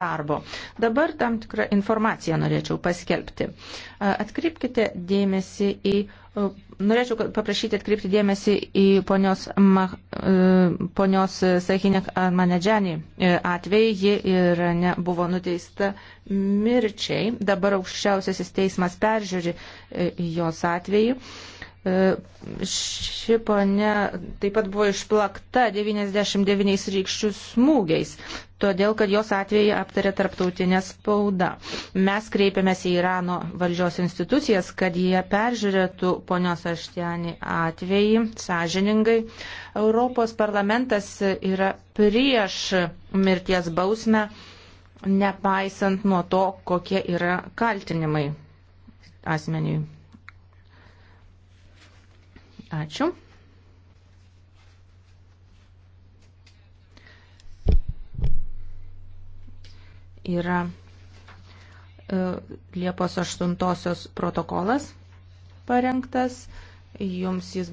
darbo. Dabar tam tikrą informaciją norėčiau paskelbti. Atkreipkite dėmesį į, norėčiau paprašyti atkreipti dėmesį į ponios, ma, ponios Sahinek Manedžianį e, atvejį. Ji ir nebuvo nuteista mirčiai. Dabar aukščiausiasis teismas peržiūri e, jos atvejį. E, ši ponia taip pat buvo išplakta 99 rykščių smūgiais, todėl kad jos atvejį aptarė tarptautinė spauda. Mes kreipiamės į Irano valdžios institucijas, kad jie peržiūrėtų ponios Aštianį atvejį sąžiningai. Europos parlamentas yra prieš mirties bausmę, nepaisant nuo to, kokie yra kaltinimai asmeniui. Ačiū. Yra e, Liepos 8 protokolas parengtas. Jums jis